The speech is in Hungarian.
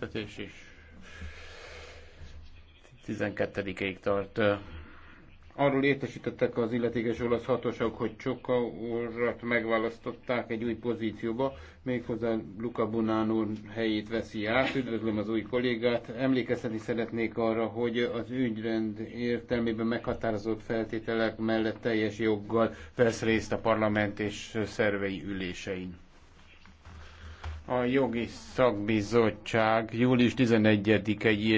tüntetés is 12-ig tart. Arról értesítettek az illetékes olasz hatóságok, hogy Csoka úrat megválasztották egy új pozícióba, méghozzá Luca Bonanno helyét veszi át. Üdvözlöm az új kollégát. Emlékezni szeretnék arra, hogy az ügyrend értelmében meghatározott feltételek mellett teljes joggal vesz részt a parlament és szervei ülésein a jogi szakbizottság július 11-i